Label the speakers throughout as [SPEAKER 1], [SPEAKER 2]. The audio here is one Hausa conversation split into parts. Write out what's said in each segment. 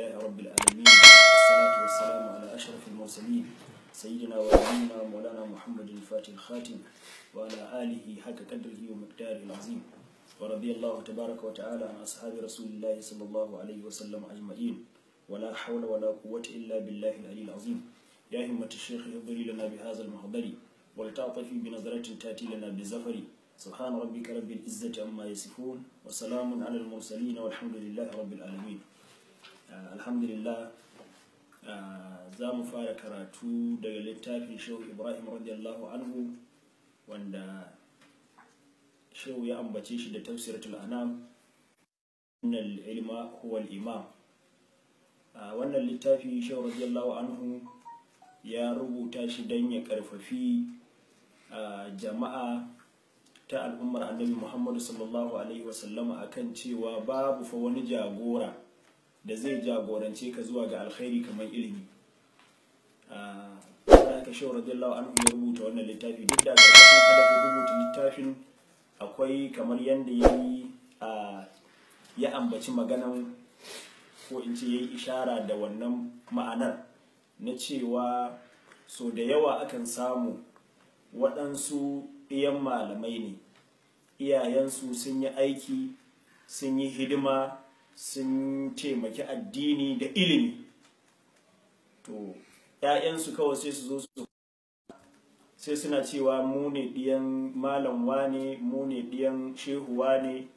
[SPEAKER 1] لله رب العالمين والصلاة والسلام على أشرف المرسلين سيدنا ونبينا مولانا محمد الفاتح الخاتم وعلى آله حق قدره ومقداره العظيم ورضي الله تبارك وتعالى عن أصحاب رسول الله صلى الله عليه وسلم أجمعين ولا حول ولا قوة إلا بالله العلي العظيم يا همة الشيخ اهضري لنا بهذا المهضر ولتعطفي بنظرة تأتي لنا بزفر سبحان ربك رب العزة عما يصفون وسلام على المرسلين والحمد لله رب العالمين Eh, alhamdulillah eh, za mu fara karatu daga littafin shehu ibrahim radiyallahu anhu wanda shehu ya ambace shi da tafsiratul anam innal ilma huwa imam eh, wannan littafi shehu radiyallahu anhu ya rubuta shi don ya karfafi jama'a ta al'ummar annabi muhammadu sallallahu alaihi wasallama akan cewa babu fa wani jagora da zai jagorance ka zuwa ga alkhairi kamar ilimi ah, a ka shehu radiyallahu anhu ya rubuta wannan littafi duk da karkashin hadafin rubuta littafin akwai kamar yadda ya yi ah, ya ambaci maganan ko in ce ya yi ishara da wannan ma'anar na cewa so da yawa akan samu waɗansu ɗiyan malamai ne iyayensu sun yi aiki sun yi hidima sun taimaki addini da ilimi to ‘ya'yansu kawai sai su zo su sai suna cewa mu ne ɗiyan malamwa ne, mu ne ɗiyan shehuwa ne,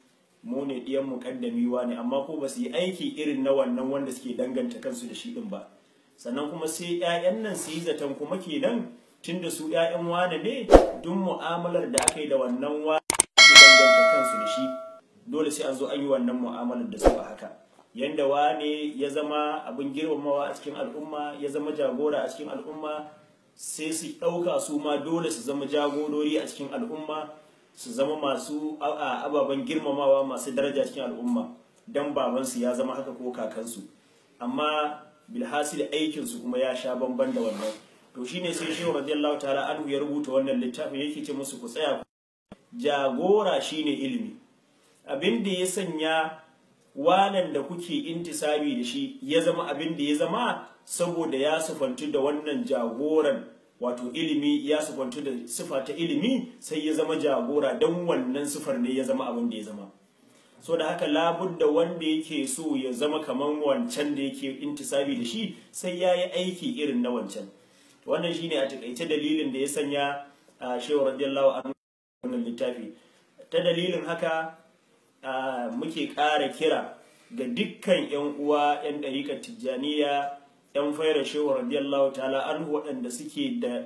[SPEAKER 1] mu ne ɗiyan muƙaddamiwa ne, amma ko ba su yi aiki irin na wannan wanda suke danganta kansu da shi ɗin ba sannan kuma sai ‘ya'yan nan su yi zaton kuma kenan tun da su ‘ya'yan wane ne duk mu'amalar da aka yi da wannan wane su danganta kansu da shi dole sai an zo an yi wannan mu'amalar da su a haka yanda wane ya zama abin girmamawa a cikin al'umma ya zama jagora a cikin al'umma sai su ɗauka su ma dole su zama jagorori a cikin al'umma su zama masu ababen girmamawa masu daraja cikin al'umma don babansu ya zama haka ko kakansu amma bilhasil aikinsu kuma ya sha bamban da wannan to shine sai shehu radiyallahu ta'ala anhu ya rubuta wannan littafin yake ce musu ku tsaya jagora shine ilimi abin da ya sanya wanan da kuke intisabi da shi ya zama abin da ya zama saboda ya sufantu da wannan jagoran wato ilimi ya sufantu da sifa ta ilimi sai ya zama jagora don wannan sifar ne ya zama abin da ya zama so da haka da wanda yake so ya zama kamar wancan da yake intisabi da shi sai ya yi aiki irin na wancan wannan shi ne a takaice dalilin da ya sanya a shewar radiyallahu anhu wannan littafi ta dalilin haka muke ƙara kira ga dukkan 'yan uwa 'yan ɗarikar tijjaniya 'yan faira shehu radiyallahu ta'ala an waɗanda suke da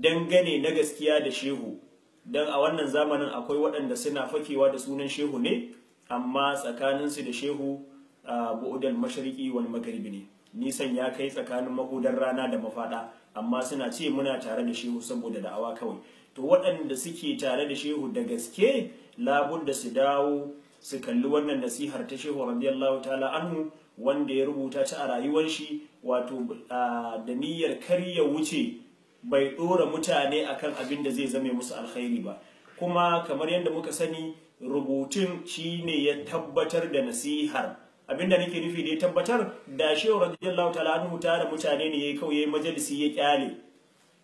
[SPEAKER 1] dangane na gaskiya da shehu don a wannan zamanin akwai waɗanda suna fakewa da sunan shehu ne amma tsakaninsu da shehu bu'udal mashariki wani magaribi ne nisan ya kai tsakanin mahudar rana da mafaɗa amma suna ce muna tare da shehu saboda da'awa kawai to waɗanda suke tare da shehu da gaske labun da su dawo su kalli wannan nasihar ta shehu radiyallahu ta'ala anhu wanda ya rubuta ta a rayuwar shi wato da niyyar karya wuce bai ɗora mutane akan abin da zai zame musu alkhairi ba kuma kamar yadda muka sani rubutun shi ne ya tabbatar da nasihar Abin abinda nake nufi da ya tabbatar da shehu radiyallahu ta'ala anhu tare mutane ne yayi kawai majalisi ya kyale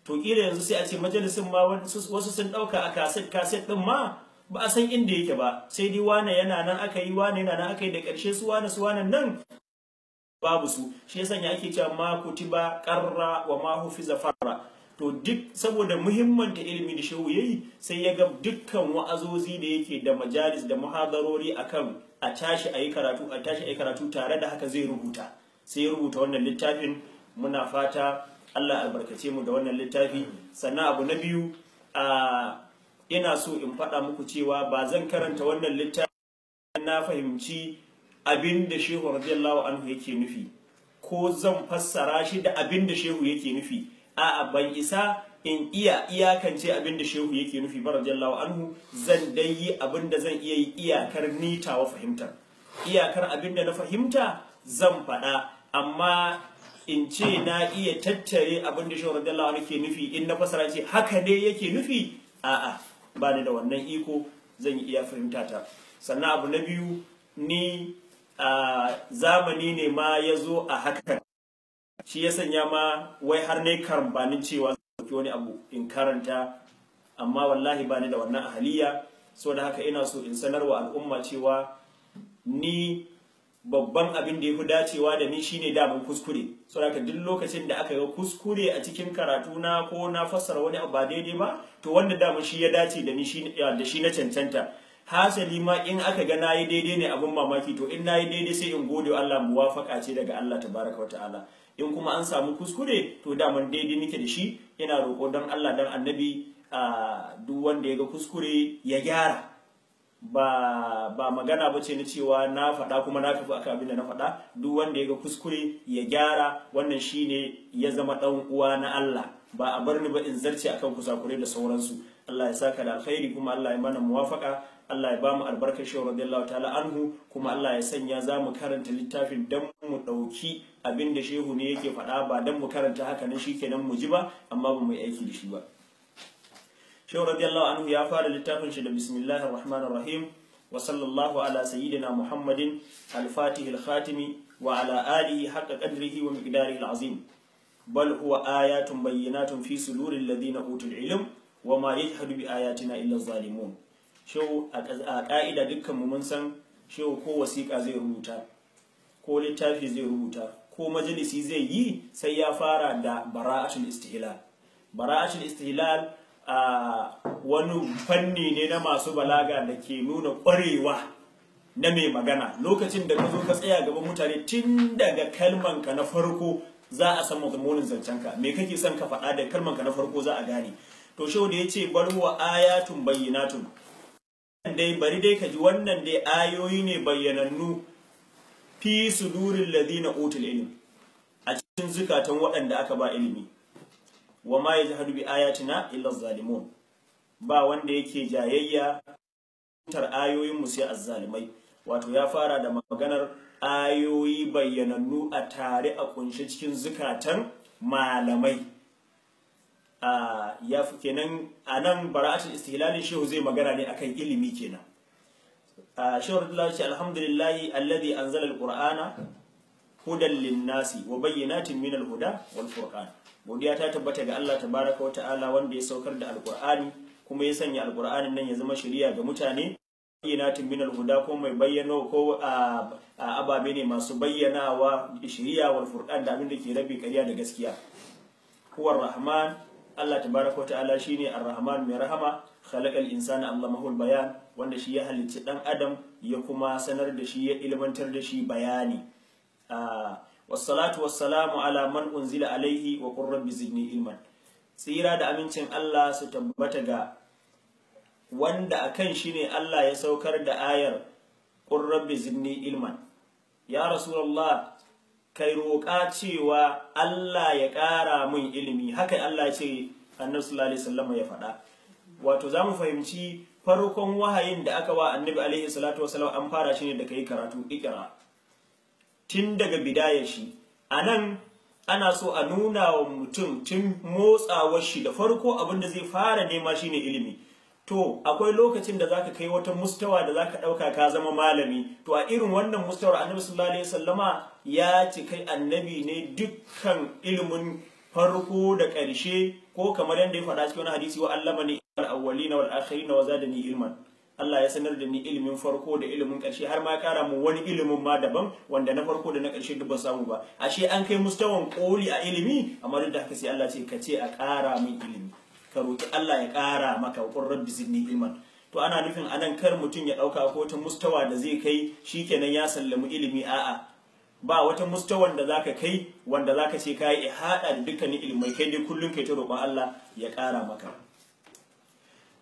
[SPEAKER 1] to kila yanzu sai a ce majalisin ma wasu sun ɗauka a kaset kaset ɗin ma ba a san inda yake ba sai dai wane yana nan aka yi wane yana nan aka yi da ƙarshe su wane su wane nan babu su shi yasa ya ake cewa ma kutiba qarra wa ma hufiza farra to duk saboda muhimmanta ilimi da shehu yayi sai ya ga dukkan wa'azozi da yake da majalis da muhadarori akan a tashi ayi karatu a tashi ayi karatu tare da haka zai rubuta sai ya rubuta wannan littafin muna fata Allah albarkace mu da wannan littafi sannan abu na biyu a ina so in faɗa muku cewa ba zan karanta wannan littafi na fahimci abin da shehu radiyallahu anhu yake nufi ko zan fassara shi da abin da shehu yake nufi a'a ban isa in iya iyakance abin da shehu yake nufi ba radiyallahu anhu zan dai yi abin da zan iya yi iyakar nitawa fahimtar iyakar abin da na fahimta zan faɗa amma in ce na iya tattare abin da shehu radiyallahu ke nufi in na fasara ce haka ne yake nufi a'a ba ni da wannan iko zan iya fahimta ta sannan abu na biyu ni a zamani ne ma ya zo a hakan shi ya sanya ma wai har ne karambanin cewa ɗauki wani abu in karanta amma wallahi ba ni da wannan ahaliya so da haka ina so in sanarwa al'umma cewa ni babban abin da ya fi dacewa da ni shine damar kuskure saboda duk lokacin da aka yi kuskure a cikin karatu na ko na fassara wani abu ba daidai ba to wanda daman shi ya dace da ni da shi na cancanta hasali ma in aka ga nayi daidai ne abin mamaki to in nayi daidai sai in gode Allah muwafaka ce daga Allah tabaraka wa ta'ala in kuma an samu kuskure to daman daidai nake da shi ina roƙo don Allah dan annabi ah, duk wanda ya ga kuskure ya gyara ba ba magana ba ce na cewa na faɗa kuma na kafa aka abin da na faɗa duk wanda ya ga kuskure ya gyara wannan shi ne ya zama ɗan uwa na Allah ba a bar ni ba in zarce akan kusakure da sauransu Allah ya saka da alkhairi kuma Allah ya mana muwafaka Allah ya bamu albarkar shehu radiyallahu ta'ala anhu kuma Allah ya sanya za mu karanta littafin dan mu ɗauki abinda shehu ne yake faɗa ba dan mu karanta haka nan kenan mu ji ba amma ba mu yi aiki da shi ba shehu radiyallahu anhu ya fara littafin shi da bismillahir rahmanir rahim wa sallallahu ala sayyidina muhammadin al-fatih al-khatimi wa ala alihi haqqa qadrihi wa miqdarihi al-azim bal huwa ayatun bayyinatun fi suduri alladhina utul ilm wa ma yajhadu bi ayatina illa zalimun shehu a ka'ida dukkan mu mun san shehu ko wasiƙa zai rubuta ko littafi zai rubuta ko majalisi zai yi sai ya fara da bara'atul istihlal bara'atul istihlal wani fanni ne na masu balaga da ke nuna ƙwarewa na mai magana lokacin da ka zo ka tsaya gaban mutane tun daga kalmanka na farko za a san zancen zancenka me kake son ka faɗa da kalmanka na farko za a gane to shau da ya ce bal ayatun bayyanatun dai bari dai ka ji wannan dai ayoyi ne bayyanannu fi sudurin ladina otal ilimi a cikin zukatan waɗanda aka ba ilimi wa ma jihadu bi ayatina illa zalimun ba wanda yake jayayya tar ayoyin mu sai azzalimai wato ya fara da maganar ayoyi bayyanannu a tare a kunshi cikin zukatan malamai ya fi kenan a nan bara'atul istihlalin shehu zai magana ne akan ilimi kenan shehu Abdullahi alhamdulillahi alladhi anzala alqur'ana hudan linnasi wa bayyana min alhuda huda wal godiya ta tabbata ga Allah tabaraka wa ta'ala wanda ya saukar da alkur'ani kuma ya sanya alqur'anin nan ya zama shari'a ga mutane bayyinatin min alhuda huda ko mai bayyano ko a ababe ne masu bayyanawa shari'a wal furqan da abin da ke rabi kariya da gaskiya huwa rahman Allah tabaraka wa ta'ala shine ar-rahman mai rahama khalaqal insana allamahu al-bayan wanda shi ya halicci dan adam ya kuma sanar da shi ya ilmantar da shi bayani Ah, wassalatu wassalamu ala man unzila alaihi wa qur rabbi zidni ilman tsira da amincin Allah su tabbata ga wanda akan shi ne Allah ya saukar da ayar qur rabbi zidni ilman ya rasulullah kai roƙa cewa Allah ya ƙara mun ilimi haka Allah ce annabi sallallahu alaihi ya faɗa wato za mu fahimci farkon wahayin da aka wa annabi alaihi salatu wasallam an fara shi ne da kai karatu ikra tun daga ya shi a nan ana so a nuna wa mutum tun motsawar shi da farko abinda zai fara nema shine ilimi to akwai lokacin da zaka kai wata mustawa da za ka ɗauka ka zama malami to a irin wannan mustawar annabi sallallahu alaihi wasallama ya ci kai annabi ne dukkan ilimin farko da ƙarshe ko kamar yadda ya faɗa cikin hadisi wa allama ni al-awwalina wal akhirina wa zadani ilman Allah ya sanar da ni ilimin farko da ilimin ƙarshe har ma ya kara mu wani ilimin ma daban wanda na farko da na ƙarshe duk ba samu ba ashe an kai mustawan koli a ilimi amma duk da haka sai Allah ce ka ce a ƙara min ilimi ka roki Allah ya ƙara maka qur rabbi zidni iman. to ana nufin anan kar mutum ya ɗauka ko wata mustawa da zai kai shikenan ya sallamu ilimi a'a ba wata mustawan da zaka kai wanda zaka ce kai hada da dukkanin ilimi kai dai kullun kai ta roƙon Allah ya ƙara maka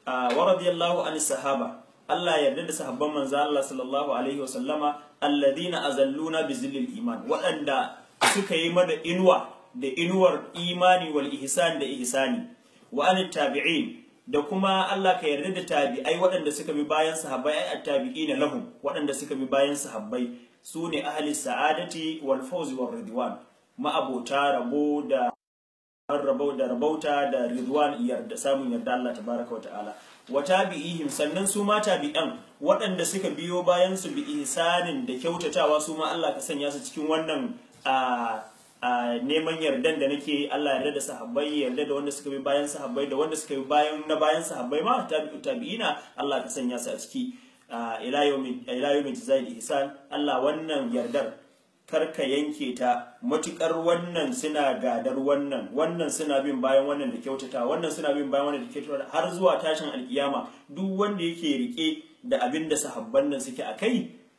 [SPEAKER 1] a ah, wa radiyallahu an sahaba Allah yarda da sahabban manzo Allah sallallahu alaihi wasallama alladhina azalluna bi iman waɗanda suka yi mada inuwa da inuwar imani wal ihsan da ihsani wa an tabi'in da kuma Allah ka yarda da tabi'ai waɗanda suka bi bayan sahabbai ai at tabiin lahum waɗanda suka bi bayan sahabbai su ne ahli sa'adati wal fawz wal ridwan ma'abota rabo da rabo da rabauta da ridwan yarda samun yarda Allah tabaraka wa ta'ala wa tabi'ihim sannan su ma tabi'an waɗanda suka biyo bayan su bi ihsanin da kyautatawa su ma Allah ka sanya su cikin wannan a neman yardan da nake Allah yarda da sahabbai yarda da wanda suka bi bayan sahabbai da wanda suka bi bayan na bayan sahabbai ma tabi'ina Allah ka sanya su a ciki ila yawmin ila yawmin ihsan Allah wannan yardar kar ka yanke ta matukar wannan suna gadar wannan wannan suna bin bayan wannan da kyautata wannan suna bin bayan wannan da kyautata har zuwa tashin alkiyama duk wanda yake rike da abin da sahabban nan suke a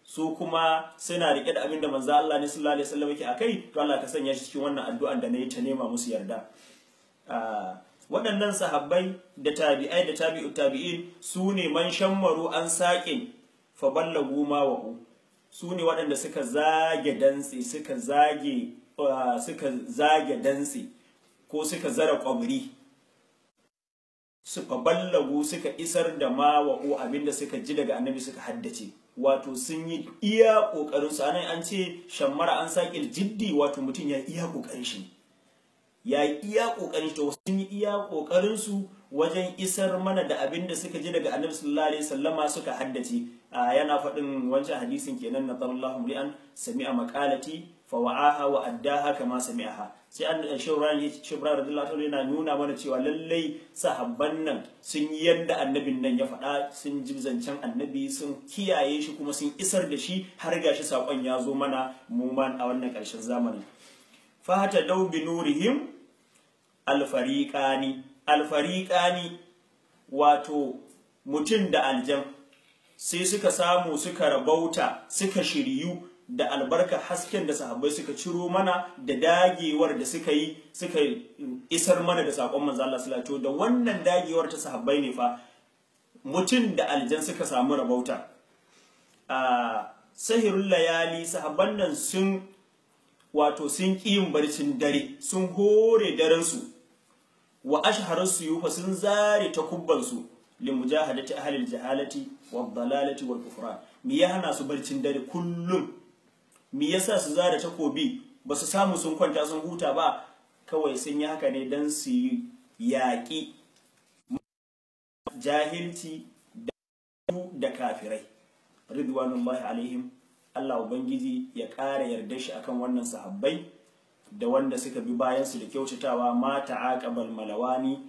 [SPEAKER 1] su kuma suna rike da abin da manzo Allah ne sallallahu alaihi wasallam yake akai to Allah ka sanya shi cikin wannan addu'an da nayi ta nema musu yarda ah, waɗannan sahabbai da tabi'ai da tabi'u tabi'in su ne man shammaru an saƙin fa ballagu ma wa'u su ne waɗanda suka zage dantse suka zage uh, suka zage dantse ko suka zara ƙwamri suka ballagu suka isar da abin abinda suka ji daga annabi suka haddace wato sun yi iya ƙoƙarin anan an ce shammara an saƙil jiddi wato mutum ya iya ƙoƙarin shi ya iya ƙoƙarin to sun yi iya su. wajen isar mana da abin da suka ji daga annabi sallallahu alaihi sallama suka haddace yana faɗin wancan hadisin kenan na sallallahu li'an sami'a makalati fa wa'aha wa addaha kama sami'aha sai an eh, shubran shubran radiyallahu anhu yana nuna mana cewa lallai sahabban nan sun yi yadda annabin nan ya faɗa sun ji zancen annabi sun kiyaye shi kuma sun isar da shi har gashi sakon ya zo mana mu a wannan ƙarshen zamani fa hata bi nurihim alfariqani alfariƙani wato mutum da aljan sai suka samu suka rabauta suka shiryu da albarka hasken da sahabbai suka ciro mana da dagewar da suka yi suka isar mana da saƙon manzo Allah sallallahu da wannan dagewar ta sahabbai ne fa mutum da aljan suka samu rabauta a sahirul layali sahabban nan sun wato sun ƙi barcin dare sun hore daren su wa ashharu suyufa sun zare takubban su li mujahadati ahli al-jahalati wa dalalati wal kufran me ya hana su barcin dare kullum me yasa su zare takobi ba su samu sun kwanta sun huta ba kawai sun yi haka ne dan su yaƙi jahilci da kafirai ridwanullahi alaihim Allah ubangiji ya ƙara yarda shi akan wannan sahabbai da wanda suka bi bayansu da kyautatawa mata aqabal malawani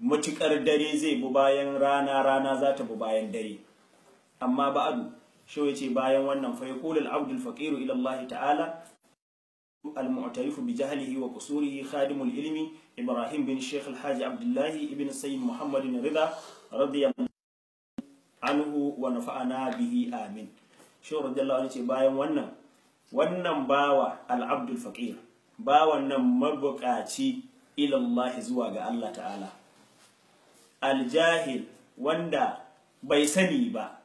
[SPEAKER 1] matukar dare zai bu bayan rana rana za ta bu bayan dare amma ba'adu shi ya ce bayan wannan fa yaqulu al-abd al-faqir ila Allah ta'ala al-mu'tarif bi jahlihi wa qusurihi khadim al Ibrahim bin Sheikh al Abdullahi, Abdullah ibn Sayyid Muhammad bin Rida radiyallahu anhu wa nafa'ana bihi amin shi radiyallahu anhu ce bayan wannan wannan bawa al-abd al-faqir bawan nan mabuƙaci ilallahi zuwa ga Allah ta'ala aljahil wanda bai sani ba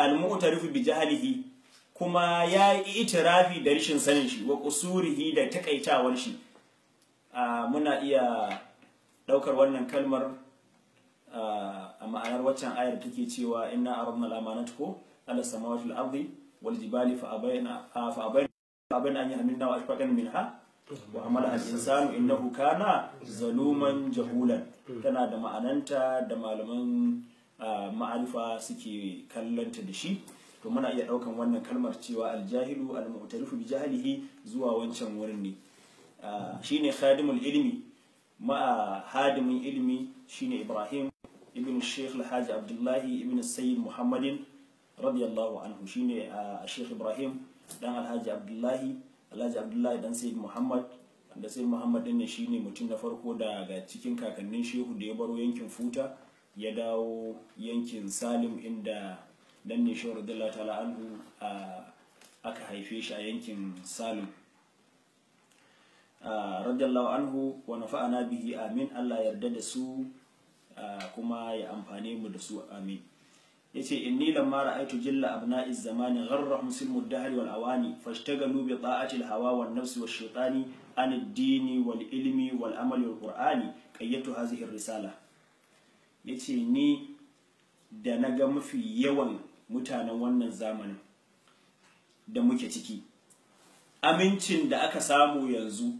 [SPEAKER 1] almu'tarifu bi jahalihi kuma ya yi itirafi da rashin sanin shi wa kusurihi da takaitawar shi muna iya ɗaukar wannan kalmar a ma'anar waccan ayar take cewa inna aradna al ko ala samawati wal ardi wal jibali fa abayna abin an yi hamilna wa ashfaqan minha wa amala al-insanu innahu kana zaluman jahulan tana da ma'ananta da malaman ah, ma'arifa suke kallanta da shi to muna iya daukan wannan kalmar cewa aljahilu almu'tarifu bi jahilihi zuwa wancan wurin ne ah, shine khadimul ilmi ma'a hadimin ilmi shine ibrahim ibn sheikh haji abdullahi ibn sayyid muhammadin radiyallahu anhu shine ah, sheikh ibrahim dan alhaji abdullahi alhaji abdullahi dan sayyid muhammad da sai muhammad din ne shine mutum na farko daga cikin kakannin shehu da ya baro yankin futa ya dawo yankin salim inda dan ne shehu radiyallahu ta'ala anhu aka haife shi a yankin salim radiyallahu anhu wa nafa'ana bihi amin Allah yarda da su kuma ya amfane mu da su amin yace inni lamma Aitu jilla abna'iz zamani gharra muslimu dahri wal awani fashtagalu bi ta'ati al hawa wan nafsi wash shaytani an ad-dini wal ilmi wal amali wal qur'ani qayyatu hadhihi risala yace ni da naga mafi yawan mutanen wannan zamanin da muke ciki amincin da aka samu yanzu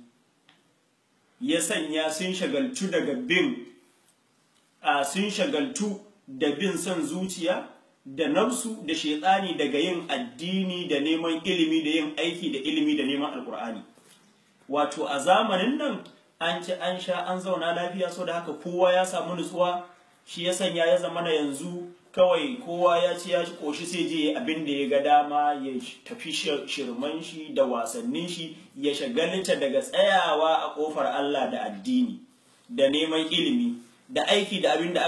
[SPEAKER 1] ya sanya sun shagaltu daga bin a sun shagaltu da bin son zuciya da nafsu da shaitani daga yin addini da neman ilimi da yin aiki da ilimi da neman alkur'ani wato a zamanin nan an ci an sha an zauna lafiya so da haka kowa ya samu nutsuwa shi ya sanya ya zama na yanzu kawai kowa ya ci ya ci koshi sai je abin da ya ga dama ya tafi shirman shi da wasannin shi ya shagalta daga tsayawa a kofar Allah da addini da neman ilimi da aiki da abin da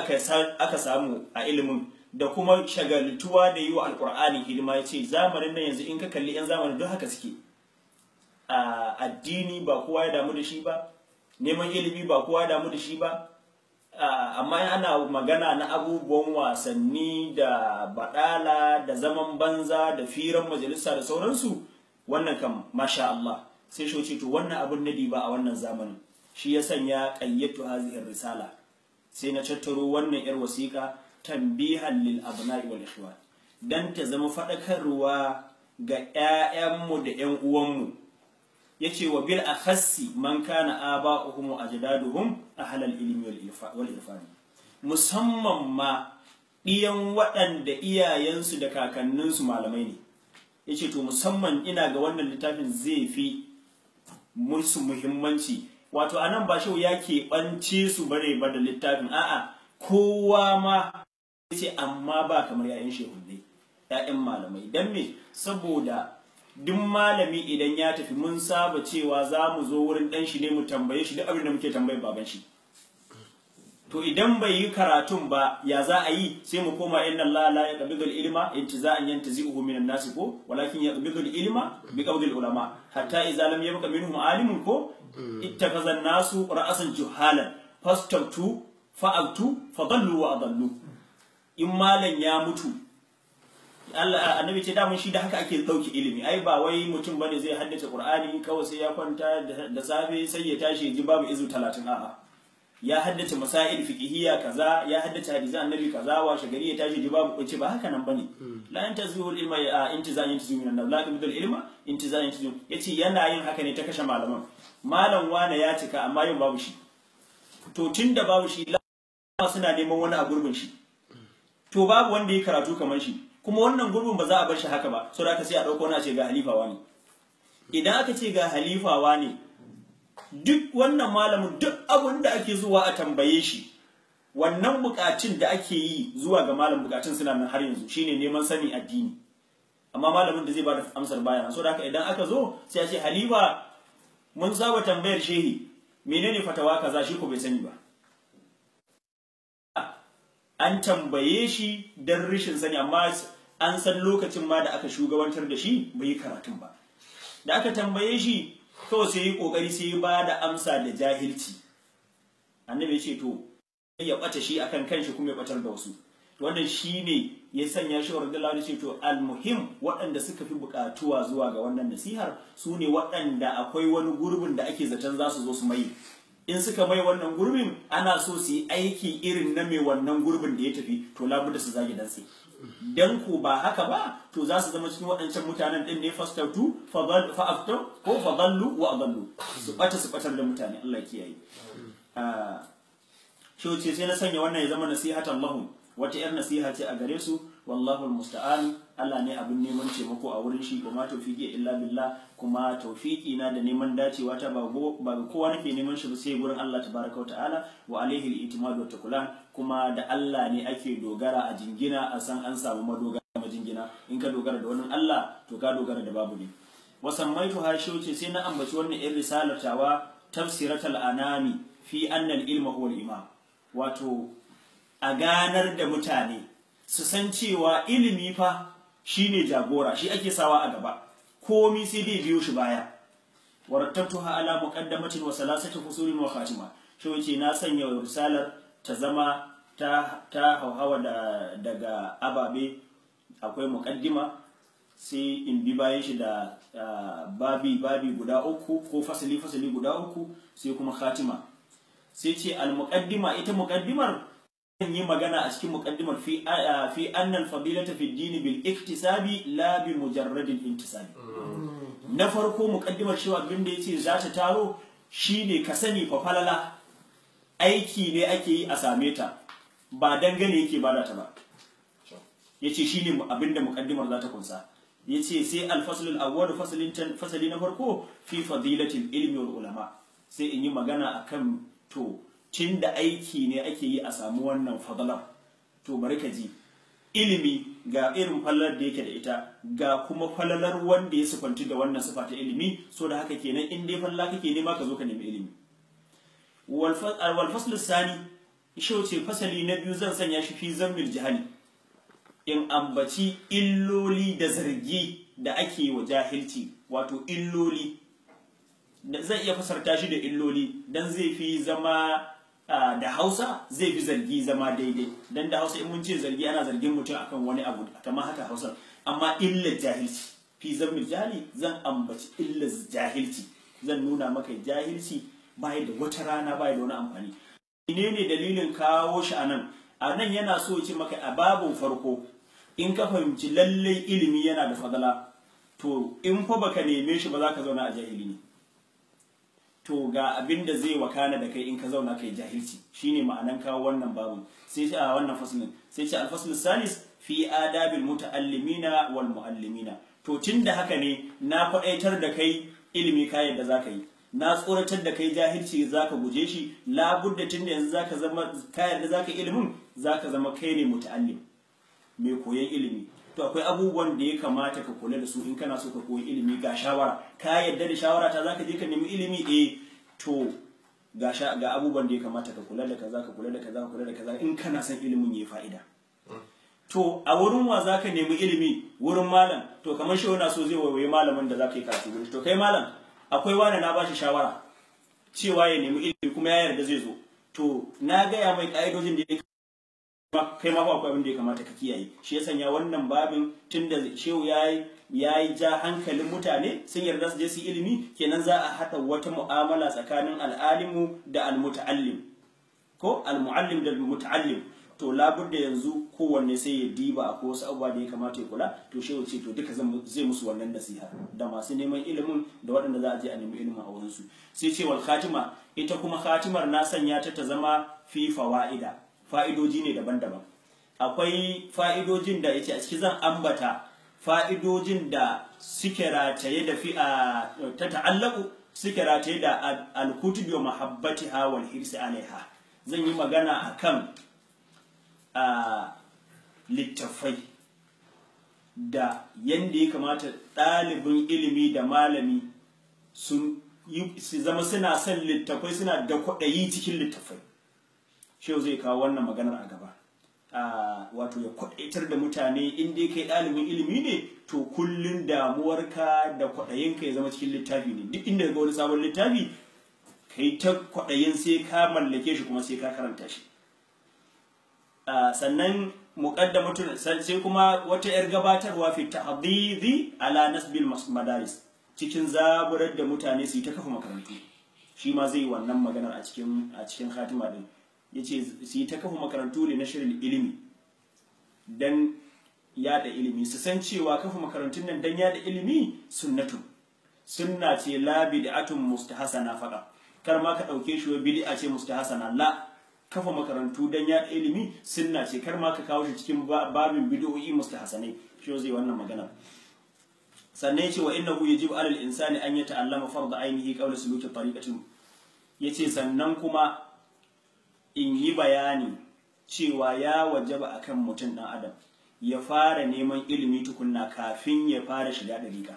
[SPEAKER 1] aka samu a ilimin da kuma shagaltuwa da yi wa alkur'ani hidima ya ce zamanin nan yanzu in ka kalli 'yan zamanin don haka suke a addini ba kowa ya damu da shi ba neman ilimi ba kowa ya damu da shi ba amma ana magana na abubuwan wasanni da baɗala da zaman banza da firan majalisa da sauransu wannan kam masha Allah sai shi to wannan abin nadi ba a wannan zamanin shi ya sanya ƙayyatu hazihin risala sai na tattaro wannan yar wasiƙa tambihan lil abna'i wal ikhwan dan ta zama fadakarwa ga 'ya'yanmu da 'yan uwanmu yace wa bil akhassi man kana aba'uhum wa ajdaduhum ahlal ilmi wal irfani musamman ma ɗiyan waɗanda iyayensu da kakanninsu malamai ne yace to musamman ina ga wannan littafin zai fi musu muhimmanci wato anan ba shi ya ɓance su bare ba da littafin a'a kowa ma ce amma ba kamar ya'yan shehunne ya'yan malamai dan me saboda duk malami idan ya tafi mun saba cewa za mu zo wurin ɗan shi ne mu tambaye shi duk abin da muke tambayar baban shi to idan bai yi karatun ba ya za a yi sai mu koma inna Allah la yaqbidul ilma intiza'an yantazi'uhu minan nasi ko walakin yaqbidul ilma biqabdil ulama hatta idza lam yabqa minhum alimun ko ittakaza nasu ra'asan juhalan fastabtu fa'altu fadallu wa adallu in malan ya mutu annabi ce damun shi da haka ake dauki ilimi ai ba wai mutum bane zai haddace Qur'ani kawai sai ya kwanta da safe sai ya tashi ji babu izu talatin a'a ya haddace masail fiqhiyya kaza ya haddace hadisi annabi kaza wa shagari ya tashi jibabu ko ce ba haka nan bane la intazu ilma ya intizan intizu min Allah la tubdul ilma intizan intizu yace yana yin haka ne ta kashe malaman malam wane ya cika amma yin babu shi to tunda babu shi la suna neman wani a gurbin shi to babu wanda ya karatu kamar shi kuma wannan gurbin ba za a bar shi haka ba saboda haka sai a dauko wani a ce ga halifawa ne idan aka ce ga halifawa ne duk wannan malamin duk abin da ake zuwa a tambaye shi wannan bukatun da ake yi zuwa ga malam bukatun suna nan har yanzu shine neman sani addini amma malamin da zai bada amsar baya so da haka idan aka zo sai ya ce halima mun saba tambayar shehi menene fatawa kaza shi ko bai sani ba an tambaye shi don rishin sani amma an san lokacin ma da aka shugabantar da shi bai yi karatun ba da aka tambaye shi kawai su yi kokari sai ba da amsa da jahilci annabi ce to ya bata shi akan kanshi kuma ya ɓatar da wasu wannan ne ya sanya shi radiyallahu anhu ce to almuhim waɗanda suka fi buƙatuwa zuwa ga wannan nasihar su ne waɗanda akwai wani gurbin da ake zaton za su zo su mai in suka mai wannan gurbin ana so su yi aiki irin na mai wannan gurbin da ya tafi to da su zagi dan dan ko ba haka ba to za su zama cikin waɗancan mutanen din ne fastautu fa ko fadallu wa adallu su bata su batar da mutane Allah ya kiyaye ah, shi sai na sanya wannan ya zama nasihatan lahum wata yar nasiha ce a gare su wallahu almusta'an Allah ne abin neman taimako a wurin shi kuma taufiki illa billah kuma tawfiki na da neman dacewa ta ba ga kowa nake neman shi ba sai gurin Allah tabaraka wa ta'ala wa alaihi al-itimad wa takulan kuma da Allah ne ake dogara a jingina a san an samu madogara jingina in ka dogara da wani Allah to ka dogara da babu ne wasammaitu ce sai na ambaci wannan irin risalar tawa tafsiratal anami fi annal ilma huwa imam wato a ganar da mutane su san cewa ilimi fa shi ne jagora shi ake sawa a gaba komi sai dai biyo shi baya ha ala muqaddamatin wa salasati fusulin wa khatima shi wace na sanya risalar ta zama ta ta hauhawa da daga ababe akwai muqaddima sai in bi bayan shi da ah, babi babi guda uku ko fasali fasali guda uku sai kuma khatima sai ce al muqaddima ita muqaddimar yi magana a cikin muqaddimar fi fi annal fadilata fi dini bil iktisabi la bi mujarradil intisabi mm. na farko muqaddimar shi abin da yace za ta taro shine ka sani fa falala aiki ne ake yi a same ta ba dangane yake da ta ba yace shine abinda da muqaddimar za ta kunsa yace sai al-fasl al-awwal tan fasali na farko fi fadilatil ilmi wal ulama sai in yi magana akan to Cin da aiki ne ake yi a samu wannan fadalan to bari ka ji ilimi ga irin falalar da yake da ita ga kuma falalar wanda ya sufanci da wannan sifa ta ilimi so da haka kenan in ya falala kake nema ka zo ka nemi ilimi wal faslu sani shi ce fasali na biyu zan sanya shi fi zammil jahali in ambaci illoli da zargi da ake wa jahilci wato illoli zai iya fasarta shi da illoli dan zai fi zama Ah, da hausa zai fi zargi zama daidai don da hausa in mun ce zargi ana zargin mutum akan wani abu ma haka hausa amma illar jahilci fi zammi jali zan ambaci illar jahilci zan nuna maka jahilci bai da wata rana bai da wani amfani ne ne dalilin kawo shi anan? Anan yana so ce maka a babu farko in ka fahimci lallai ilimi yana da fadala to in fa baka neme shi ba za ka zauna a jahili ne to ga abin da zai wakana da kai in ka zauna kai jahilci shine ma'anan kawo wannan babun sai ce a wannan faslin sai ce alfaslus salis fi adabil muta'allimina wal muallimina to tunda haka ne na faɗaitar da kai ilimi kayan da zaka yi na tsoratar da kai jahilci zaka guje shi labudda tunda yanzu zaka zama kayan da zaka ilimin zaka zama kai ne muta'allim mai koyon ilimi to akwai abubuwan da ya kamata ka kula da su in kana so ka koyi ilimi ga shawara ka yadda da shawara ta zaka je ka nemi ilimi eh to ga ga abubuwan da ya kamata ka kula da kaza ka kula da kaza ka kula da kaza in kana son ilimin ya fa'ida to a wurin wa zaka nemi ilimi wurin malam to kamar shi so zai wawayi malamin da zaka yi karatu gurin to kai malam akwai wani na bashi shawara cewa ya nemi ilimi kuma ya yarda zai zo to na gaya mai ka'idojin da ya kai ma akwai abin da ya kamata ka kiyaye shi ya sanya wannan babin tun da shehu ya yi ja hankalin mutane sun yarda su je su ilimi kenan za a haɗa wata mu'amala tsakanin al'alimu da almuta'allim ko almu'allim da almuta'allim to labudda yanzu kowanne sai ya diba ko wasu abubuwa da ya kamata ya kula to shehu ce to duka zai musu wannan nasiha da masu neman ilimin da waɗanda za a je a nemi ilimin a wurinsu sai ce wal khatima ita kuma khatimar na sanya ta ta zama fi fawa'ida fa'idoji ne daban-daban akwai fa'idojin da yace a ciki zan ambata fa'idojin da suke rataye da fi a ta ta'allaku suke rataye da al-kutubi wa mahabbatiha wal hirsi alaiha zan yi magana akan a littafai da yanda ya kamata ɗalibin ilimi da malami sun zama suna son littafai suna da kwaɗayi cikin littafai shehu zai kawo wannan maganar a gaba wato ya kwaɗaitar da mutane inda ya kai ɗalibin ilimi ne to kullum damuwarka da kwaɗayinka ya zama cikin littafi ne duk inda ga wani sabon littafi kai ta kwaɗayin sai ka mallake shi kuma sai ka karanta shi sannan mutum sai kuma wata yar gabatarwa fi a ala nasbil madaris cikin zaburar da mutane su yi ta kafa makarantu shi ma zai yi wannan maganar a cikin a cikin din yace su yi ta kafa makarantu ne na shirin ilimi don yada ilimi su san cewa kafa makarantun nan dan yada ilimi sunnatu sunna ce la atun mustahsana faɗa kar ma ka ɗauke shi wa a ce mustahsana la kafa makarantu don yada ilimi sunna ce kar ma ka kawo shi cikin babin bid'o'i mustahsanai shi zai wannan magana sannan ce wa innahu yajibu alal insani an ta'allama farda ainihi qawla suluki tariqatin yace sannan kuma in yi bayani cewa ya wajaba kan mutum ɗan adam ya fara neman ilimi tukunna kafin ya fara shiga ɗariƙa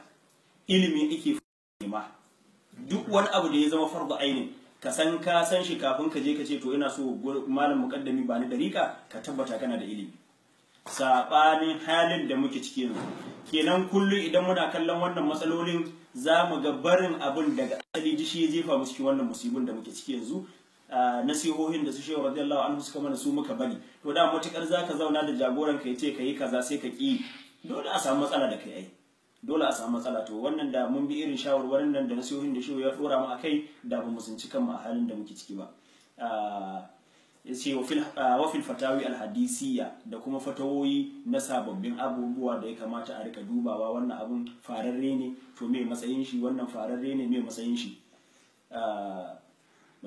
[SPEAKER 1] ilimi ake nema duk wani abu da ya zama fardu ainin ka san ka san shi kafin ka je ka ce to ina so malam mukaddami ba ni ɗariƙa ka tabbata kana da ilimi saɓanin halin da muke ciki yanzu kenan kullum idan muna kallon wannan matsalolin za mu ga barin abin daga asali dishi ya jefa mu cikin wannan musibin da muke ciki yanzu nasihohin da su shehu radiyallahu anhu suka mana su muka bari to da matukar zaka zauna da jagoran ka yace yi kaza sai ka ki dole a samu matsala da kai ai dole a samu matsala to wannan da mun bi irin shawarwarin nan da nasihohin da shehu ya dora mu akai da ba mu zanci kanmu a halin da muke ciki ba yace wa fil fatawi al hadisiya da kuma fatawoyi na sababbin abubuwa da ya kamata a rika dubawa wannan abun fararre ne to me matsayin shi wannan fararre ne me matsayin shi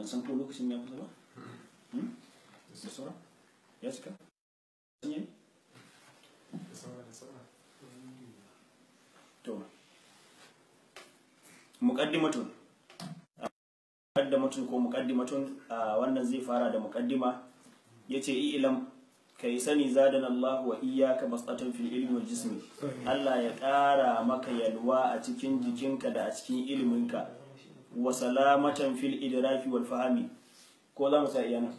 [SPEAKER 1] ban san ko lokacin ya hmm? da sauran ya cika sanye to ko wannan zai fara da muqaddima yace ilam kai sani zadan Allah wa ka basatan fil ilmi jismi Allah ya ƙara maka yalwa a cikin jikinka da a cikin iliminka wa salamatan fil idraki wal fahami ko za mu sa nan?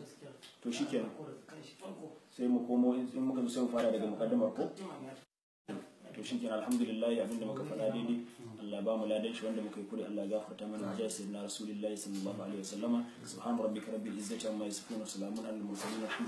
[SPEAKER 1] to shikenan sai mu komo in muka sai mu fara daga mukaddamar ko to shikenan alhamdulillah abinda muka fara daidai Allah ba mu ladan shi wanda muka yi kuri Allah gafarta mana ajiya jaisi na rasulullahi sallallahu alaihi wasallama subhana rabbika rabbil izzati amma yasifun wa salamun alal mursalin